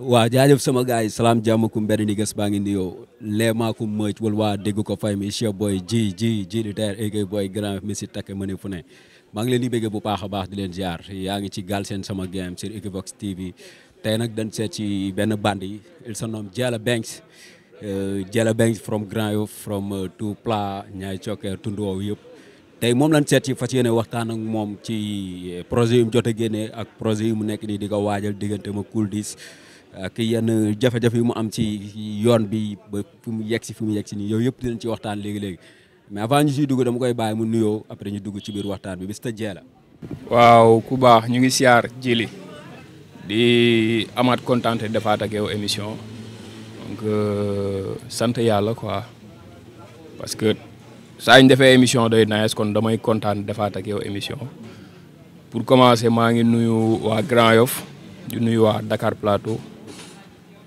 waaw jaajëf sama gars yi salaam jàmm ku mbedd ni gas baa ngi ni yow leemaa ku mëcc wala waa dégg ko fay mi chef booy ji ji ji di teer éy booy grand mi si takk ma ne fu ne maa ngi leen di bëggee bu baax a baax di leen jaar yaa ngi ci Galsen sama game sur Equivox TV tey nag dañ seet ci benn band yi il se nomme Jella Banks euh, Jella from Grand Yoff from tout euh, plat ñaay cokkeer tund woowu yëpp tey moom lañ seet ci fas yéene waxtaan ak moom ci euh, projet yu jot a génnee ak projet yu mu nekk nii di ko waajal diggante ma Cool ak yenn jafe-jafe yu mu am ci yoon bi ba fu mu yegg si fu mu yegg nii yooyu yëpp dinañ ci waxtaan léegi-léegi mais avant ñu siy dugg dama koy bàyyi mu nuyoo après ñu dugg ci biir waxtaan bi bis ta jee la waaw ku baax ñu ngi siyaar jili di amaat kontaan te defaat ak yow émission donc euh, sant yàlla quoi parce que saa defee émission day kon damay kontaan defaat ak yow émission pour commencer maa ngi nuyu waa Grand Yoff di nuyu waa Dakar Plateau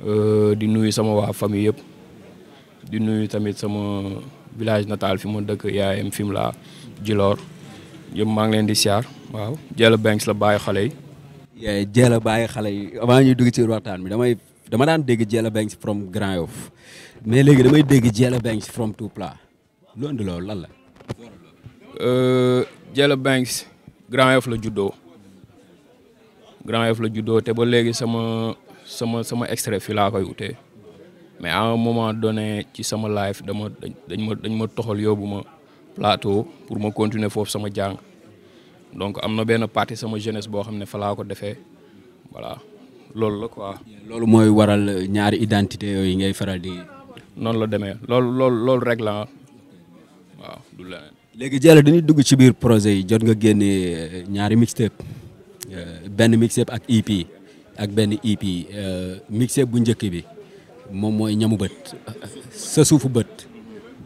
Euh, di nuyu sama waa famille yëpp di nuyu tamit sama village nataal fi ma dëkk yaayam fi mu laa Djilor yëpp maa ngi leen di siyaar waaw Diello Banks bàyyi xale yi. Diello bàyyi xale yi avant ñuy dugg ci waxtaan bi damay dama daan dégg Diello Banks from Grand Yoff mais léegi damay dégg Diello Banks from Toupla loolu lan la. Diello euh, Grand Yoff la juddoo Grand Yoff la juddoo te ba léegi sama. sama sama extrait fii laa koy wutee mais à moment donné ci sama live dama dañ ma dañ ma toxal yóbbu ma plateau pour ma continuer foofu sama jàng donc am na benn partie sama jeunesse boo xam ne fa laa ko defee voilà loolu la quoi. loolu mooy waral ñaari identité yooyu ngay faral di. noonu la demee loolu loolu loolu rek la waaw du léegi Diallo dañuy dugg ci biir projet yi jot nga génne euh, ñaari mixtape euh, benn mixtape ak EP. ak benn EP euh, mixé bu njëkk bi moom mooy ñamu bët sa suufu bët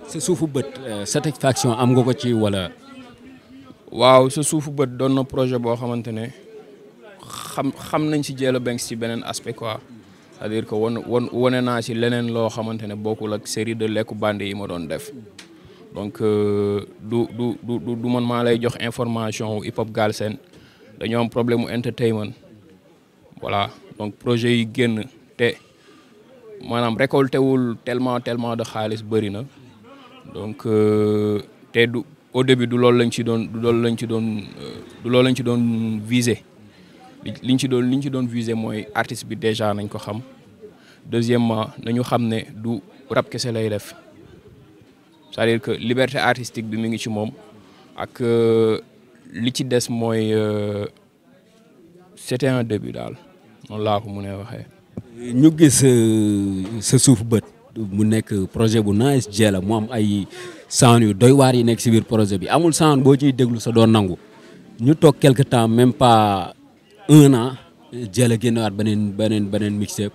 sa suufu bët euh, satisfaction am nga ko ci wala. waaw sa suufu bët doon na projet boo xamante ne xam xam nañ si Jello Banks ci beneen aspect quoi c'est-à-dire que wan wan wane naa si leneen loo xamante ne bokkul ak série de lekku bande yi ma doon def donc euh, du du du du man maa lay jox information hip hop Galsen dañoo am problème mu entertainment. voilà donc projet yi génn te maanaam récolté wul tellement tellement de xaalis bëri na donc euh, te du au début du loolu lañ ci doon du loolu lañ ci doon euh, du loolu lañ ci doon viser liñ ci doon liñ ci doon viser mooy artiste bi déjà nañ ko xam deuxièmement nañu xam ne du rap kese lay def c'est-à-dire que liberté artistique bi mu ngi ci moom ak euh, li ci des mooy. c'était un début daal noonu laa ko mënee waxee. ñu gis euh, sa suuf bët mu nekk projet bu nice jeela mu ay sound yu doy waar yi nekk si biir projet bi amul sound boo ciy déglu sa doon nangu ñu toog quelque temps même pas un an jeela génnewaat beneen beneen beneen mixtape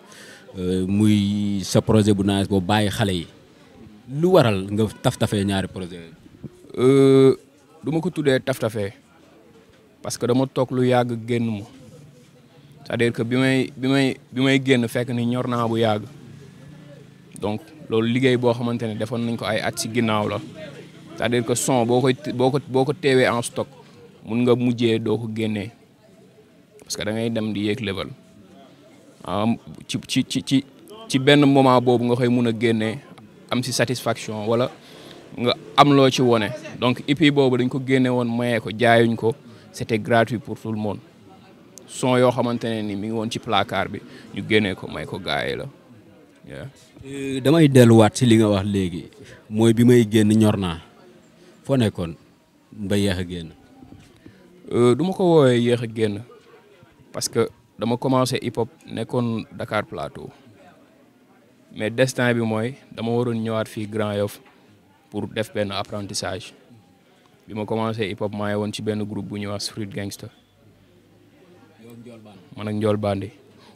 euh, muy sa projet bu nice boobu bàyyi xale yi lu waral nga taf-tafee ñaari projet yooyu. Euh, du ko tuddee taf-tafee parce que dama toog lu yàgg génn mu c'est-à-dire que bi may bi may bi may génn fekk ni ñor naa bu yàgg donc loolu liggéey boo xamante ne defoon nañ ko ay at si ginnaaw la c'est-à-dire que son boo koy boo ko boo ko teewee en stock mun nga mujjee doo ko génnee parce que da ngay dem di yéeg level ci ci ci ci ci benn moment boobu nga koy mun a génnee am si satisfaction wala nga am loo ci wone donc EP boobu dañ ko génne woon mayee ko jaayuñ ko c'était gratuit pour tout le son yoo xamante ne nii mi ngi woon ci placard bi ñu génnee ko may ko gars yi la euh, damay delluwaat si li nga wax léegi mooy bi may génn ñor naa foo nekkoon ba yéex a génn euh, du ma ko woowee yéex a génn parce que dama commencé hip hop nekkoon Dakar Plateau mais destin bi mooy dama waroon ñëwaat fii Grand Yoff pour def benn apprentissage bi ma commencé hip hop maa ngi woon ci benn groupe bu ñuy wax Street Gangster man ak Ndiol Bandi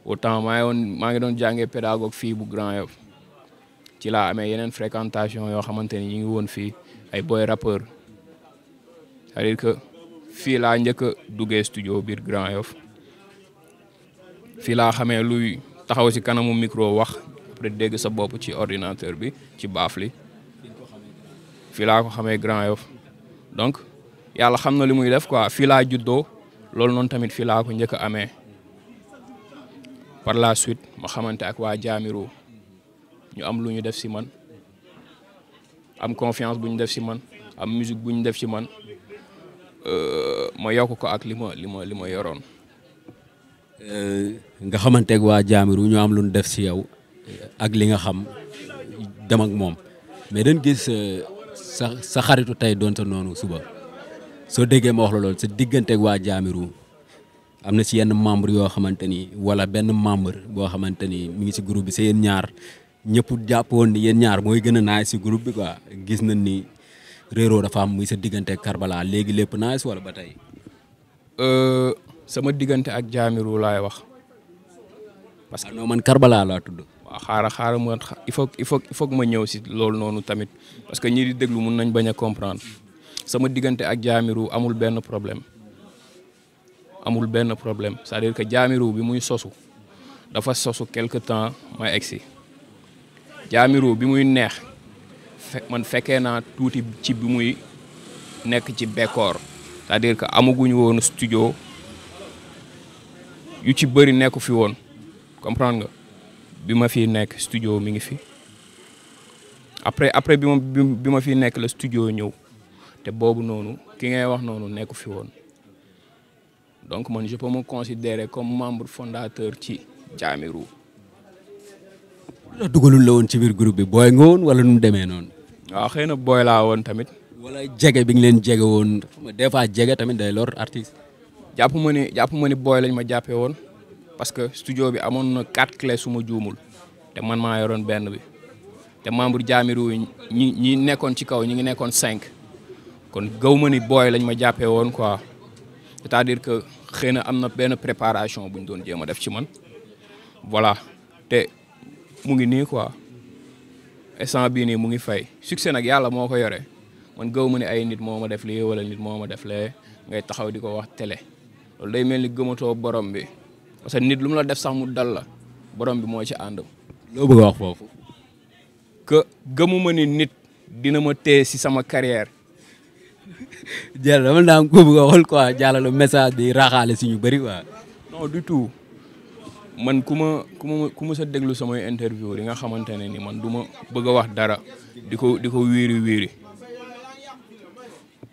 autant maa ngi maa ngi doon jàngee pédagogue fii bu Grand Yoff ci laa amee yeneen fréquentation yoo xamante ni ñu ngi woon fii ay boy rappeur cest que fii laa njëkk a duggee studio biir Grand Yoff fii laa xamee luy taxaw si kanamu micro wax après dégg sa bopp ci ordinateur bi ci baaf li fii laa ko xamee Grand Yoff donc yàlla xam na li muy def quoi fii laa juddoo. loolu noonu tamit fii laa ko njëkk amee par la suite ma xamante ak waa jaamiru ñu am lu ñu def si man am confiance bu def si man am musique def si man euh, ma yokk ko ak li ma li ma li ma yoroon. Euh, nga xamanteeg waa jaamiru ñu am lu ñu def si yow ak li nga xam dem moom mais dan gis euh, sa sa xaritu tey doon noonu suba. soo déggee ma wax la loolu sa digganteeg waa Jahmerue am na si yenn membre yoo xamante ni wala benn membre boo xamante ni mi ngi si groupe bi sa yéen ñaar ñëpp jàppoon ni yéen ñaar mooy gën a naaj si groupe bi quoi gis nañ ni réeroo dafa am muy sa diggante Karbala léegi lépp naaj wala ba tey. Euh, sama diggante ak Jahmerue laay wax. parce que ah, non man Karbala laa tudd. waaw xaaral xaaral ma il faut il faut il faut ma ñëw si loolu noonu tamit parce que ñi di déglu mun nañ bañ a comprendre. sama diggante ak jaamiru amul benn problème amul benn problème sa dire que jaamiru bi muy sosu dafa sosu quelque temps ma egsi jaamiru bi muy neex man fekkee naa tuuti ci bi muy nekk ci bekoor cest dire que amaguñu woon studio yu ci bëri nekk fi woon comprendre bi ma fi nekk studio mi ngi fi après après bi ma bi ma fi nekk la studio ñëw te boobu noonu ki ngay wax noonu nekku fi woon donc man je ma me considérer comme membre fondateur ci Jahmerue la dugalul la woon ci biir group bi booy nga woon wala nu demee noonu. waaw xëy na booy laa woon tamit. wala jege bi nga leen jege woon des fois jege tamit day lor artiste. jàpp ma ni jàpp ma ni booy lañ ma jàppee woon parce que studio bi amoon na quatre clés su ma juumul te man maa yoroon benn bi te membre Jahmerue ñi nekkoon ci kaw ñi ngi nekkoon cinq. kon gaw ma ni booy lañ ma jàppee woon quoi cest dire que xëy na am na benn préparation buñ doon jéem a def ci man voilà te mu ngi nii quoi instant bii nii mu ngi fay succès nag yàlla moo ko yore man gaw ma ni ay nit moo ma def lii wala nit moo ma def lee ngay taxaw di ko wax télé loolu day mel ni gëmatoo borom bi parce que nit lu mu la def sax mu dal la borom bi moo ci ànd. loo bëgg a wax foofu. que gëmuma ni nit dina ma téye si sama carrière Diallo a xool quoi message bi raxaale si ñu bëri quoi. non du tout man ku ma ku ma ku ma sa déglu samay interview yi nga xamante ne ni man duma ma bëgg a wax dara di ko di ko wéeri wéeri.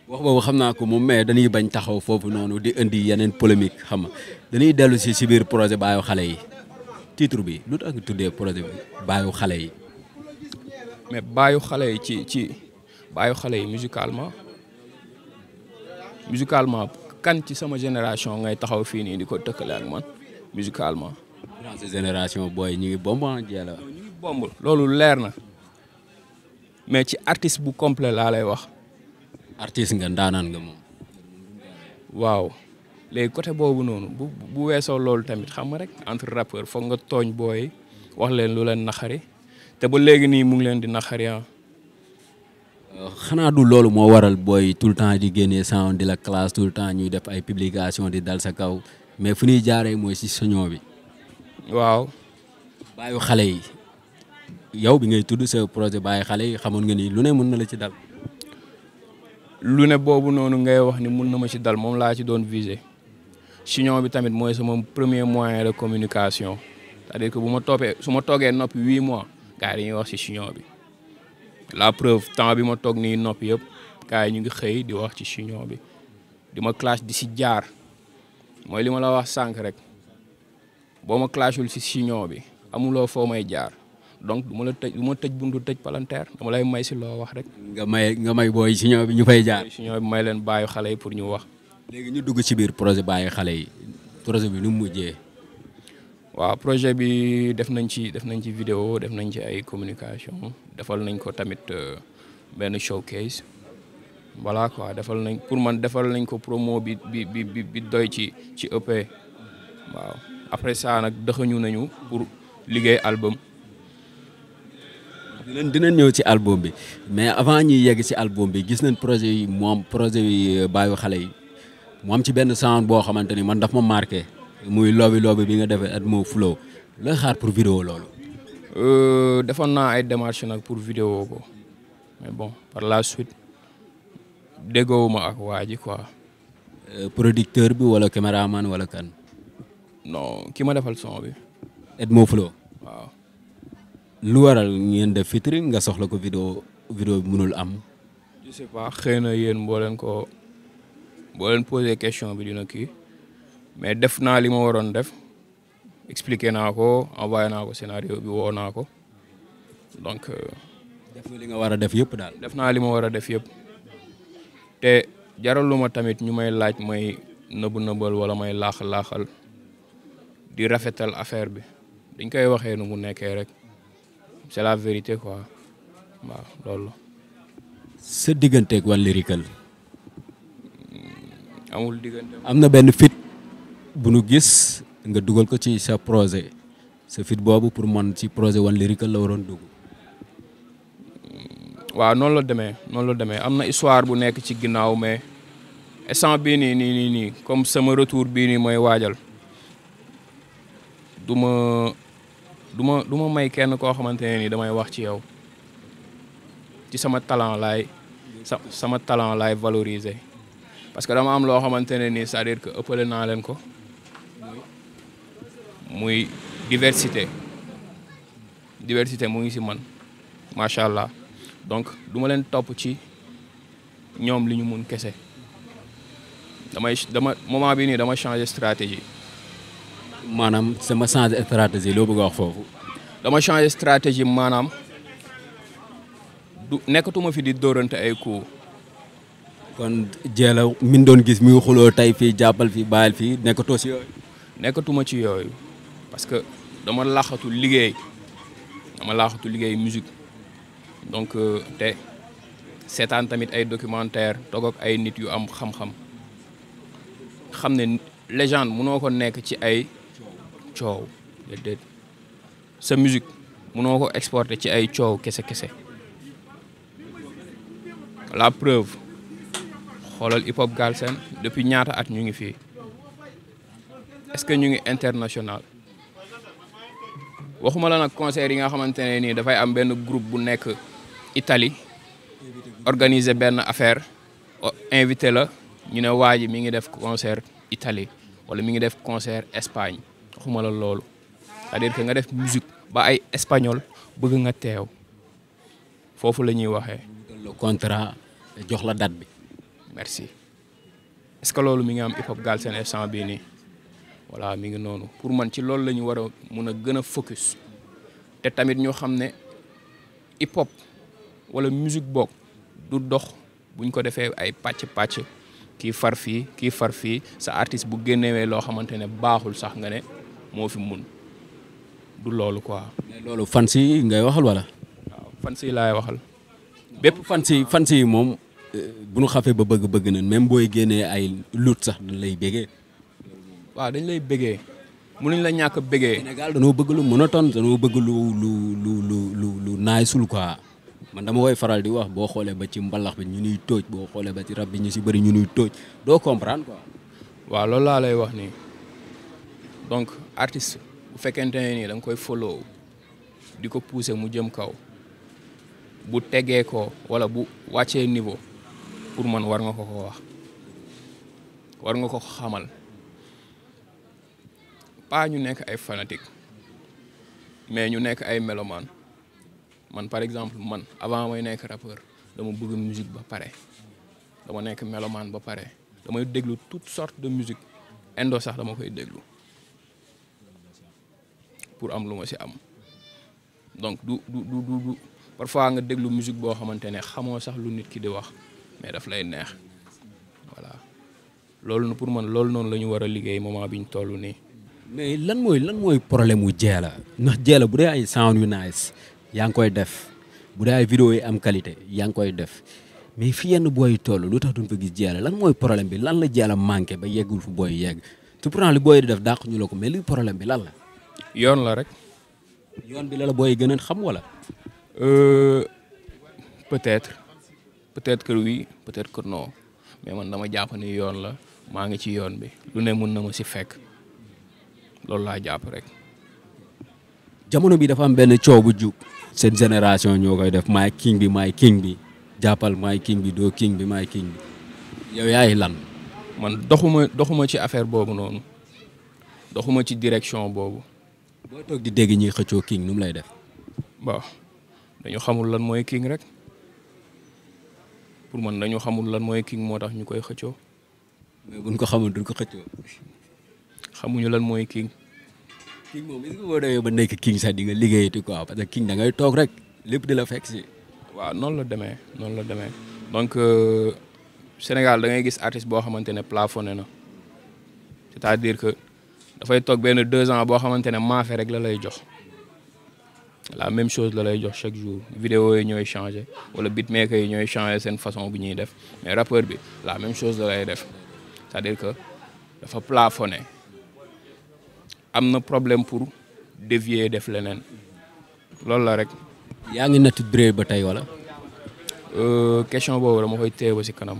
wax boobu xam naa ko moom mais dañuy bañ taxaw foofu noonu di indi yeneen polémique xam nga dañuy dellu si si biir projet baayu xale yi titre bi lu tax nga tuddee projet bi baayu xale yi. mais baayu xale yi ci ci baayu xale yi musicalement. musicalement kan ci sama génération ngay taxaw fii nii di ko tëkkale ak man musicalement. génération booy ñu ngi bomb ah Diallo. ñu loolu leer na mais ci artiste bu complet laa lay wax. artiste nga ndaanaan nga moom. waaw léegi côté boobu noonu bu bu weesoo loolu tamit xam nga rek entre rappeur foog nga tooñ booy wax leen lu leen naxari te ba léegi nii mu ngi leen di naxari ah. xanaa du loolu moo waral booy tout le temps di génnee sound di la classe tout le temps def ay publication di dal sa kaw mais fu ñuy jaaree mooy si soñoo bi. waaw. bàyyi xale yi yow bi ngay tudd sa projet bàyyi xale yi xamoon nga ni lu ne mën na la ci dal. lu ne boobu noonu ngay wax ni mun na ma ci dal moom laa ci done viser sinon bi tamit mooy sama premier moyen de communication cest dire que bu ma toppee su ma toogee noppi huit mois gars yi dañuy wax si sinon bi. la preuve temps bi ma toog nii nopp yëpp kaay ñu ngi xëy di wax ci chignon bi di ma clash di si jaar mooy li ma la wax sànq rek boo ma clashul si chignon bi amuloo foo may jaar donc du ma la tëj ma tëj buntu tëj palanteer ma lay may si loo wax rek. nga may nga may booy chignon bi ñu fay jaar. chignon bi may leen bàyyi xale yi pour ñu wax. léegi ñu dugg ci biir projet bàyyi xale yi projet bi nu mujjee. waaw projet bi def nañ ci def nañ ci vidéo def nañ ci ay communication. defal nañ ko tamit euh, benn showcase voilà quoi defal nañ pour man defal nañ ko promo bi bi bi bi doy ci ci EP waaw après ça nag dëxañu nañu pour liggéey album. dinañ dinañ ñëw ci album bi mais avant ñuy yegg ci album bi gis nañ projet yi moom projet yi euh, bàyyi xale yi moom ci benn sound boo xamante ni man daf ma marqué muy loobi loobi bi nga defee at moo flow lay xaar pour vidéo loolu. Euh, defoon naa ay démarches nag pour vidéo ko mais bon par la suite déggoowuma ak waa ji quoi. Euh, producteur bi wala caméraman wala kan. no ki ma defal son bi. Edmo Flow. waaw. lu waral ngeen def featuring nga soxla ko vidéo vidéo bi mënul am. je sais pas xëy na yéen boo ko boo leen question bi dina kii mais def naa li ma waroon def. expliqué naa ko envoyé naa ko scénario bi woo naa ko donc. Euh, def nga li nga war a def yëpp daal. def naa li ma war a def yëpp te jaraluma tamit ñu may laaj may nëbb nëbbal wala may laaxal laaxal di rafetal affaire bi dañ koy waxee nu mu nekkee rek c'est la vérité quoi waaw loolu. sa digganteeg One Lyrical. amul diggante. am na benn fit bu nu gis. nga dugal ko ci sa projet sa fit boobu pour man ci projet One Lyrical la waroon dugg. Mm, waaw noonu la demee noonu la demee am na histoire bu nekk ci ginnaaw mais instant bii nii nii nii nii comme sama retour bii nii mooy waajal du ma du ma du ma may kenn koo xamante ne nii damay wax ci yow ci sama talent lay sa sama talent laay valoriser parce que dama am loo xamante ne nii cest dire que ëppale naa leen ko. muy diversité diversité mu ngi si man macha allah donc du ma leen topp ci ñoom li ñu mun kese damay dama moment bi nii dama changer stratégie. maanaam sama changer stratégie loo bëgg a wax foofu. dama changer stratégie maanaam du nekkatuma fi di dóorante ay coups. kon jeela min doon gis mi xuloo tey fii jàppal fii bàyyil fii nekkatoo si yooyu. nekkatuma ci yooyu. parce que dama laaxatu liggéey dama laaxatu liggéey musique donc euh, te seetaan tamit ay documentaire toog ay nit yu am xam-xam xam ne légende mënoo ko nekk ci ay coow déedéet sa musique mënoo ko exporter ci ay coow kese-kese la preuve xoolal hip hop Galsen depuis ñaata at ñu ngi fii est-ce que ñu ngi international waxuma la nag concert yi nga xamante ne nii dafay am benn groupe bu nekk itali organiser benn affaire invité la ñu ne waa ji mi ngi def concert itali wala mi ngi def concert Espagne waxuma la loolu cest dire que nga def musique ba ay espagnol bëgg nga teew foofu la ñuy waxee. le contrat jox la date bi. merci est-ce que loolu mi ngi am hip hop Galsen instant bii nii. voilà mi ngi noonu pour man ci loolu lañu ñu war a mun a gën a focus te tamit ñoo xam ne hip hop wala musique boog du dox buñ ko defee ay pàcc pàcc kii far fii kii far fii sa artiste bu génnewee loo xamante ne baaxul sax nga ne moo fi mun du loolu quoi. loolu fans yi ngay waxal wala. waaw fans yi laay waxal. bépp fans yi fans yi moom euh, bu nu xafee ba bëgg bëgg na même booy génnee ay luut sax lay béggee waaw dañu lay bëggee mënuñ la ñàkk bëggee. Sénégal danoo bëgg lu monotone danoo bëgg lu lu lu lu lu lu naay sul quoi man dama koy faral di wax boo xoolee ba ci mbalax bi ñu nuy tooj boo xoolee ba ci rab bi ñu si bëri ñu nuy tooj doo comprendre quoi. waaw loolu laa lay wax ni donc artiste bu fekkente ne nii da nga koy follow di ko pousser mu jëm kaw bu tegee ko wala bu wàccee niveau pour man war nga ko ko wax war nga ko xamal. waa ñu nekk ay fanatique mais ñu nekk ay melomaan man par exemple man avant may nekk rappeur dama bëgg musique ba pare dama nekk melomaan ba pare damay déglu tout sorte de musique indo sax dama koy déglu pour am lu ma si am donc du du du du parfois nga déglu musique boo xamante ne xamoo sax lu nit ki di wax mais daf lay neex voilà loolu pour man loolu noonu la ñu war a liggéey moment bi ñu toll nii. mais lan mooy lan mooy problème mu Dieyla ndax Dieyla bu dee ay sound yu yaa ngi koy def bu dee ay vidéo yi am qualité yaa ngi koy def mais fi yenn booy toll lu tax duñ fa gis jeela lan mooy problème bi lan la Dieyla manqué ba yeggul fu booy yegg tu prends li booy di def dàq ñu la ko mais li problème bi lan la. yoon la rek. yoon bi la la booy gën a xam wala. Euh, peut-être peut-être que oui peut-être que no mais man dama jàpp ni yoon la maa ngi ci yoon bi lu ne mun na ma si fekk. loolu laa jàpp rek. jamono bi dafa am benn coow bu jub seen génération ñoo koy def maay king bi maay king bi jàppal maay king bi doo king bi maay king bi yow yaay lan. man doxuma doxuma ci affaire boobu noonu doxuma ci direction boobu. boo toog di dégg ñuy xëccoo king nu mu lay def. waaw dañu xamul lan mooy king rek pour man dañu xamul lan mooy king moo tax ñu koy xëccoo. mais buñ ko xamul duñ ko xëccoo. xamuñu lan mooy king. king moom est-ce que boo demee ba nekk king sax di nga liggéey liggéeyati quoi parce que king da ngay toog rek lépp di la fekk si. waaw noonu la demee noonu la demee donc euh, Sénégal da ngay gis artiste boo xamante ne plafone na c'est-à-dire que dafay toog benn deux ans boo xamante ne maafe rek la lay jox. la même chose la lay jox chaque jour vidéo yi ñooy changé wala beatmaker yi ñooy changé seen façon bu ñuy def mais rappeur bi la même chose la lay def cest que dafa am na problème pour dévier def leneen loolu la rek. yaa ngi natt durée ba tey wala. Euh, question boobu dama koy téye ba ci kanam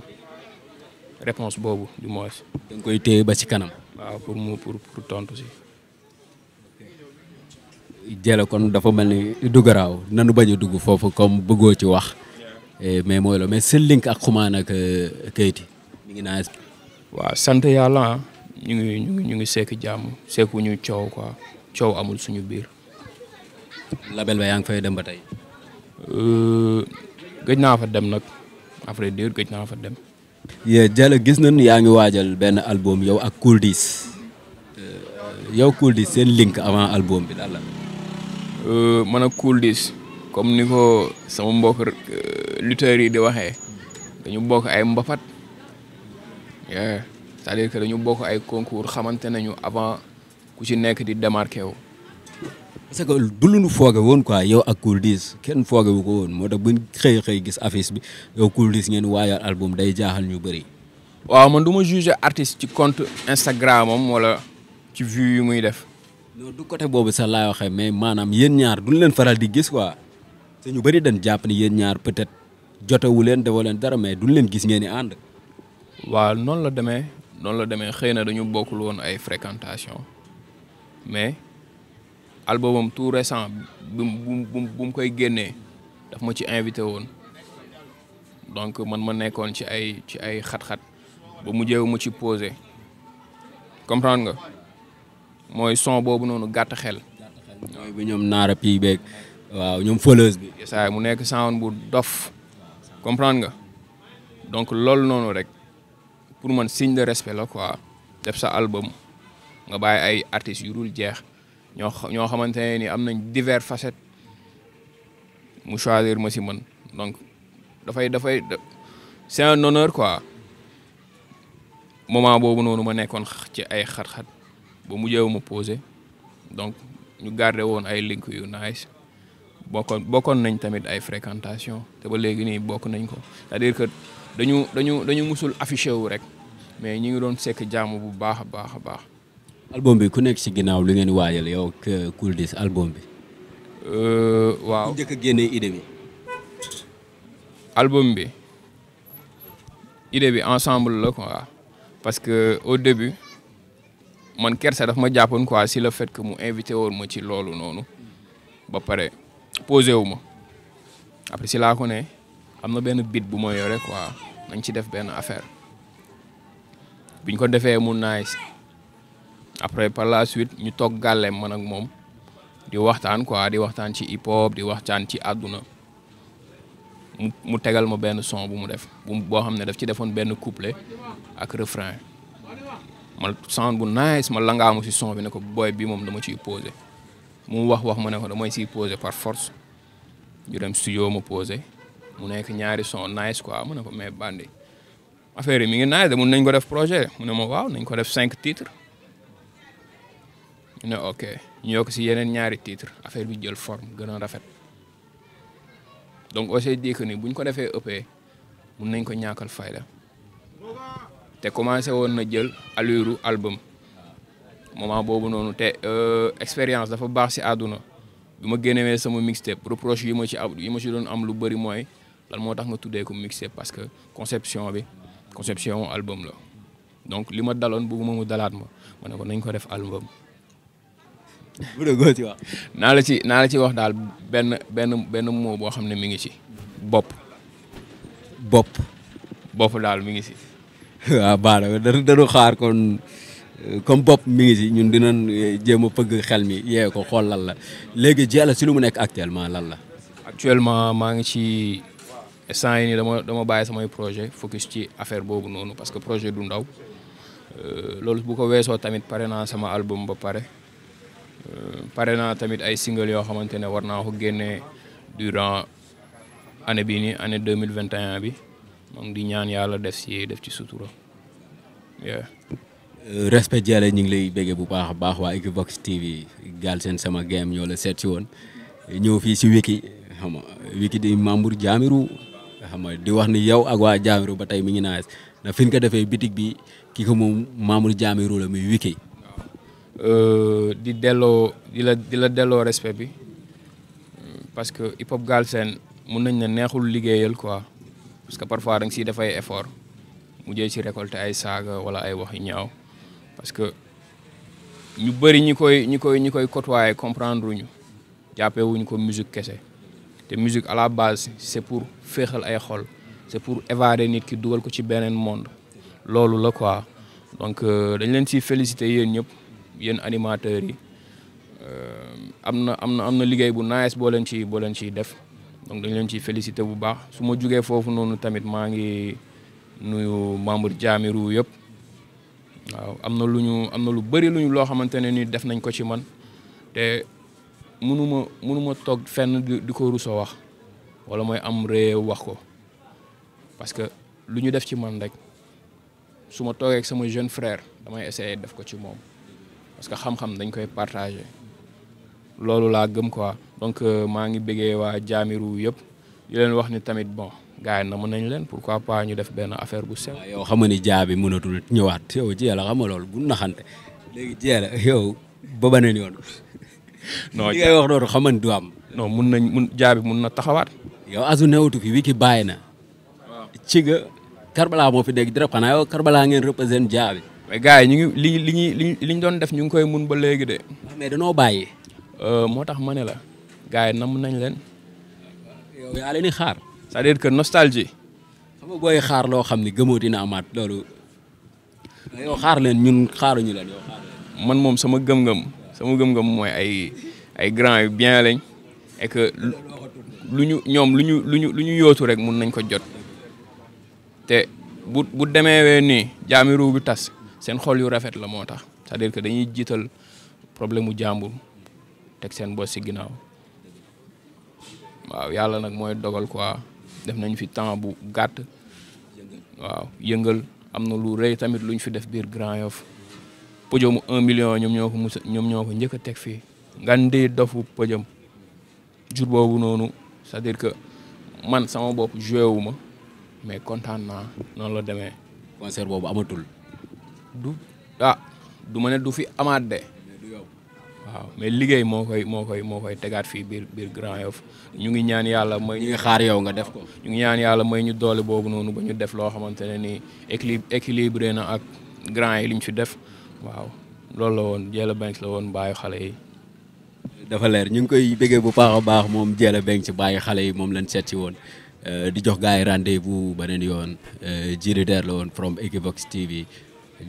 réponse boobu du moins. koy téye ba si kanam. waaw pour mu pour pour tontu si. jëla kon dafa mel ni du garaaw nanu bañ a dugg foofu comme bëggoo ci wax eh, mais mooy la mais seen link ak xumaan ak euh, kayiti mi ngi naa. waaw sant yàlla ah. ñu ngi ñu ngi ñu ngi sekk jàmm sekku ñu coow quoi coow amul suñu biir. label ba yaa ngi fay dem ba tey. Euh, gëj naa fa dem nag après diir gëj naa fa dem. yee Jalla gis na nañ yaa ngi waajal benn album yow ak Cool 10 euh, yow Cool 10 seen link avant album bi daal la. Euh, man ak Cool 10 comme ni ko sama mbokk lutteurs yi di waxee dañu bokk ay mbapat. c'est-à-dire que bokk ay concours xamante nañu avant ku ci nekk di démarqué wu. parce que du lu nu fooge woon quoi yow ak Cool 10 kenn fooge wu ko woon moo bu buñ xëy xëy gis affiche bi yow Cool 10 ngeen waayal album day jaaxal ñu bëri. waaw man du ma juger artiste ci compte Instagram am wala ci vue yu muy def. non du côté boobu sax laay waxee mais maanaam yéen ñaar duñ leen faral di gis quoi te ñu bëri dañ jàpp ni yéen ñaar peut-être jotewu leen defoo leen dara mais duñ leen gis ngeen di ànd. waaw noonu la demee xëy na dañu bokkul woon ay fréquentation mais albumam tout récent bu bu bu mu koy génnee daf ma ci invité woon donc man ma nekkoon ci ay ci ay xat-xat ba mujjeewu ma ci posé comprendre nga mooy son boobu noonu gàtt xel. mooy bi ñoom naara pii beeg waaw ñoom fëleuse bi. saa mu nekk sound bu dof comprendre nga donc loolu noonu rek. pour man signe de respect la quoi def sa album nga bàyyi ay artistes yu dul jeex ñoo ñoo xamante ne ni am nañ divers facettes mu choisir ma si man donc dafay dafay c'est un honneur quoi moment boobu noonu ma nekkoon ci ay xat-xat ba mu jéew ma posé donc ñu garder woon ay link yu nice bokkoon bokkoon nañ tamit ay fréquentation te ba léegi nii bokk nañ ko cest dire que dañu dañu dañu musul affiché wu rek mais ñu ngi doon sekk jaamu bu baax a baax a baax. album bi ku nekk si ginnaaw lu ngeen waajal yow ak euh, Cool Diss album bi. Euh, waaw ku njëkk a bi. album bi idée bi ensemble la quoi parce que au début man kersa daf ma jàppoon quoi si le fait que mu invité woon ma ci loolu noonu ba pare posé wu ma après si laa ko ne am na benn bit bu ma yore quoi nañ ci def benn affaire biñ ko defee mu nice après par la suite ñu toog gàlleem man ak moom di waxtaan quoi di waxtaan ci hip hop di waxtaan ci àdduna mu mu tegal ma benn son bu mu def bu boo xam ne daf ci defoon benn couplet ak refrain ma son bu nice ma langaamu si son bi ne ko booy bii moom dama ciy posé mu wax wax ma ne ko damay siy posé par force ñu dem studio ma posé mu nekk ñaari son nice ko mun ne ko mais bandi affaire yi mi ngi nice de mun nañ ko def projet mu ne ma waaw nañ ko def cinq titre ñu ne ok ñu yokk si yeneen ñaari titre affaire bi jël forme gën a rafet donc aussi di que ni buñ ko defee ëppee mun nañ ko ñàkkal fayda te commencé woon na jël allure album moment boobu noonu te euh, expérience dafa baax si àdduna bi ma génnewee sama mixtape reproche yi ma ci ab yi ma ci doon am lu bëri mooy lan moo tax nga tuddee ko mixé parce que conception bi conception album la donc li ma daloon bëgguma mu dalaat ma ma ne ko nañ ko def album. bu ci wax. naa la ci naa la ci wax daal benn benn benn mot boo xam ne mi ngi ci. bopp. bopp. bopp daal mi ngi ci. waaw ah, baax na dañu xaar kon comme bopp mi ngi ci ñun dinañ eh, jéem a pëgg xel mi yee ko xool lan la léegi Diallo si lu mu nekk actuellement lan la. actuellement maa ngi instant yii nii dama dama bàyyi samay projet focus ci affaire boobu noonu parce que projet du ndaw euh, loolu bu ko weesoo tamit pare naa sama album ba pare euh, pare naa tamit ay single yoo xamante ne war naa ko génnee durant année bii nii année deux mille vingt et bi moom di ñaan yàlla def si def ci sutura. Euh, respect Jalle ñu ngi lay béggee bu baax a baax waa Equivox TV Galsen Sama Game ñoo la seet si woon ñëw fii si wiki wiki di membre jaamiru xam di wax ni yow ak waa Jamiru ba tey mi ngi naan na fi ñu ko defee bitig bi ki ko moom Mamour Jamiru la muy Wiki. Euh, di delloo di la di la delloo respect bi parce que hip hop Galsen mun nañ ne neexul liggéeyal quoi parce que parfois da nga siy dafay effort mu jël si récolter ay saaga wala ay wax yu ñaaw parce que ñu bëri ñu koy ñi koy ñi koy côtoyer comprendre ñu jàppee ko musique kese. te musique à la base c'est pour féexal ay xol c'est pour évader nit ki dugal ko ci beneen monde loolu la quoi donc euh, dañ leen siy félicité yéen ñëpp yéen animateurs yi euh, am na am na am na liggéey bu nice boo leen ci boo leen ciy def donc dañ leen ciy féliciter bu baax su ma jugee foofu noonu tamit maa ngi nuyu membre Jahmerue yëpp waaw am na lu ñu am na lu bëri lu ñu loo xamante ne ni def nañ ko ci man te mënuma mënuma toog fenn di ko ruso wax wala mooy am réew wax ko parce que lu ñu def ci man rek su ma toogee ak sama jeune frère damay essayer def ko ci moom parce que xam-xam dañ koy partager loolu laa gëm quoi donc euh, maa ngi bëggee waa jaamiru yëpp di leen wax ni tamit bon gars na mën nañ leen pourquoi pas ñu def benn affaire bu sew. yow xam nga ni jaa bi mënatul ñëwaat yow jéem a xam nga loolu bu naxante léegi jéem yow ba beneen yoon. non li wax noonu xaman du am. mun nañ mun jaabi mun na taxawaat. yow asu newatu fi wiki bàyyi na. waaw ci nga. Karbala moo fi dégg dara xanaa yow Karbala ngeen représenté jaabi. mais gars yi ñu ngi li li li ñu doon def ñu ngi koy mun ba léegi de. Ah, mais danoo bàyyi. Euh, moo tax ma ne la. gars yi namm nañ leen. yow yaa leen di xaar. c'est-à-dire que nostalgie. xaar loo xam ni gëmoo dina amaat loolu. yow xaar ñun xaaruñu leen man moom sama gëm-gëm. sama gëm-gëm mooy ay ay grand yu bien lañ et que lu ñu ñoom lu ñu lu ñu lu ñu yootu rek mun nañ ko jot te bu demee demeewee nii jaami ruu tas seen xol yu rafet la moo tax c'est-à-dire que dañuy jiital problème mu jàmbur teg seen bos si ginaaw waaw yàlla nag mooy dogal quoi def nañ fi temps bu gàtt waaw yëngal am na lu rëy tamit lu ñu fi def biir Grand Yoff pëjoomu un million ñoom ñoo ko mus ñoom ñoo ko njëkk a teg fii ngandee dofu pëjam jur boobu noonu c'est-à-dire que man sama bopp joué wu ma mais kontaan naa noonu la demee. concert boobu amatul. du ah du ma ne du fi amaat de. waaw mais liggéey moo koy moo koy moo koy tegaat fii biir biir Grand Yoff ñu ngi ñaan yàlla may. ñu ngi xaar yow nga def ko. ñu ngi ñaan yàlla may ñu doole boobu noonu ba ñu def loo xamante ne nii équilibre équilibré na ak grand yi li ñu fi def. waaw loolu la woon Diéla Banks la woon bàyyi xale yi. dafa leer ñu ngi koy bëggee bu baax a baax moom Diéla Banks bàyyi xale yi moom lañ seet si woon euh, di jox gars yi rendez-vous beneen yoon Djily euh, Der la woon from Equivox TV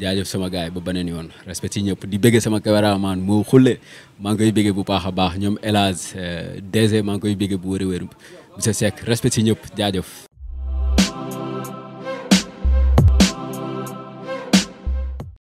jaajëf sama gaay yi ba beneen yoon respect yi ñëpp di bëggee sama caméraman moo xulle maa ngi koy bëggee bu baax a baax ñoom El Hadj euh, DG maa ngi koy bëggee bu wërëwër monsieur Seck respect yi ñëpp jaajëf.